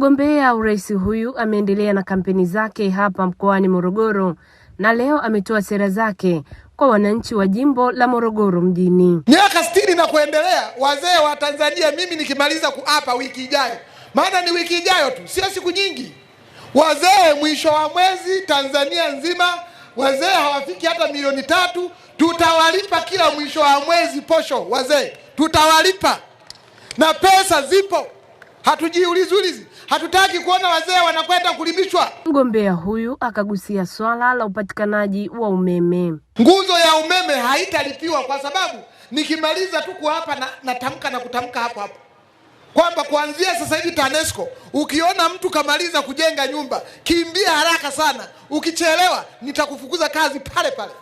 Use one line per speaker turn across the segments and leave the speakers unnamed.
Mgombea urais huyu ameendelea na kampeni zake hapa mkoani Morogoro na leo ametoa sera zake kwa wananchi wa jimbo la Morogoro mjini.
Miaka sitini na kuendelea, wazee wa Tanzania, mimi nikimaliza kuapa wiki ijayo, maana ni wiki ijayo tu, sio siku nyingi. Wazee mwisho wa mwezi Tanzania nzima, wazee hawafiki hata milioni tatu. Tutawalipa kila mwisho wa mwezi posho, wazee tutawalipa, na pesa zipo hatujiulizulizi hatutaki kuona wazee wanakwenda kulibishwa.
Mgombea huyu akagusia swala la upatikanaji wa umeme.
Nguzo ya umeme haitalipiwa kwa sababu nikimaliza tu hapa na, natamka na kutamka hapo hapo kwamba kuanzia sasa hivi TANESCO, ukiona mtu kamaliza kujenga nyumba, kimbia haraka sana. Ukichelewa nitakufukuza kazi pale pale.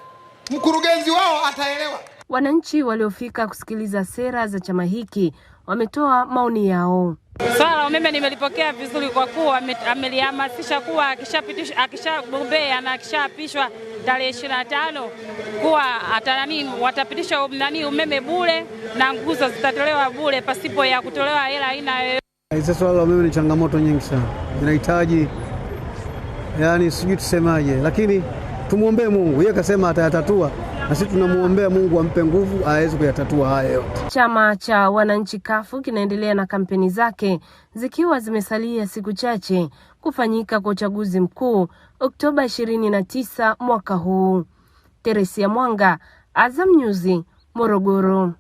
Mkurugenzi wao ataelewa.
Wananchi waliofika kusikiliza sera za chama hiki wametoa maoni yao.
Swala la umeme nimelipokea vizuri kwa kuwa amelihamasisha kuwa akishapitisha akishagombea na akishaapishwa tarehe ishirini na tano kuwa atanani watapitisha um- nani umeme bure na nguzo zitatolewa bure pasipo ya kutolewa hela aina yoyote.
Hizo swala la umeme ni changamoto nyingi sana, inahitaji yani, sijui tusemaje, lakini tumwombee Mungu, yeye akasema atayatatua na sisi tunamwombea Mungu ampe nguvu aweze kuyatatua haya yote.
Chama cha wananchi kafu kinaendelea na kampeni zake zikiwa zimesalia siku chache kufanyika kwa uchaguzi mkuu Oktoba 29 mwaka huu. Teresia Mwanga, Azam News, Morogoro.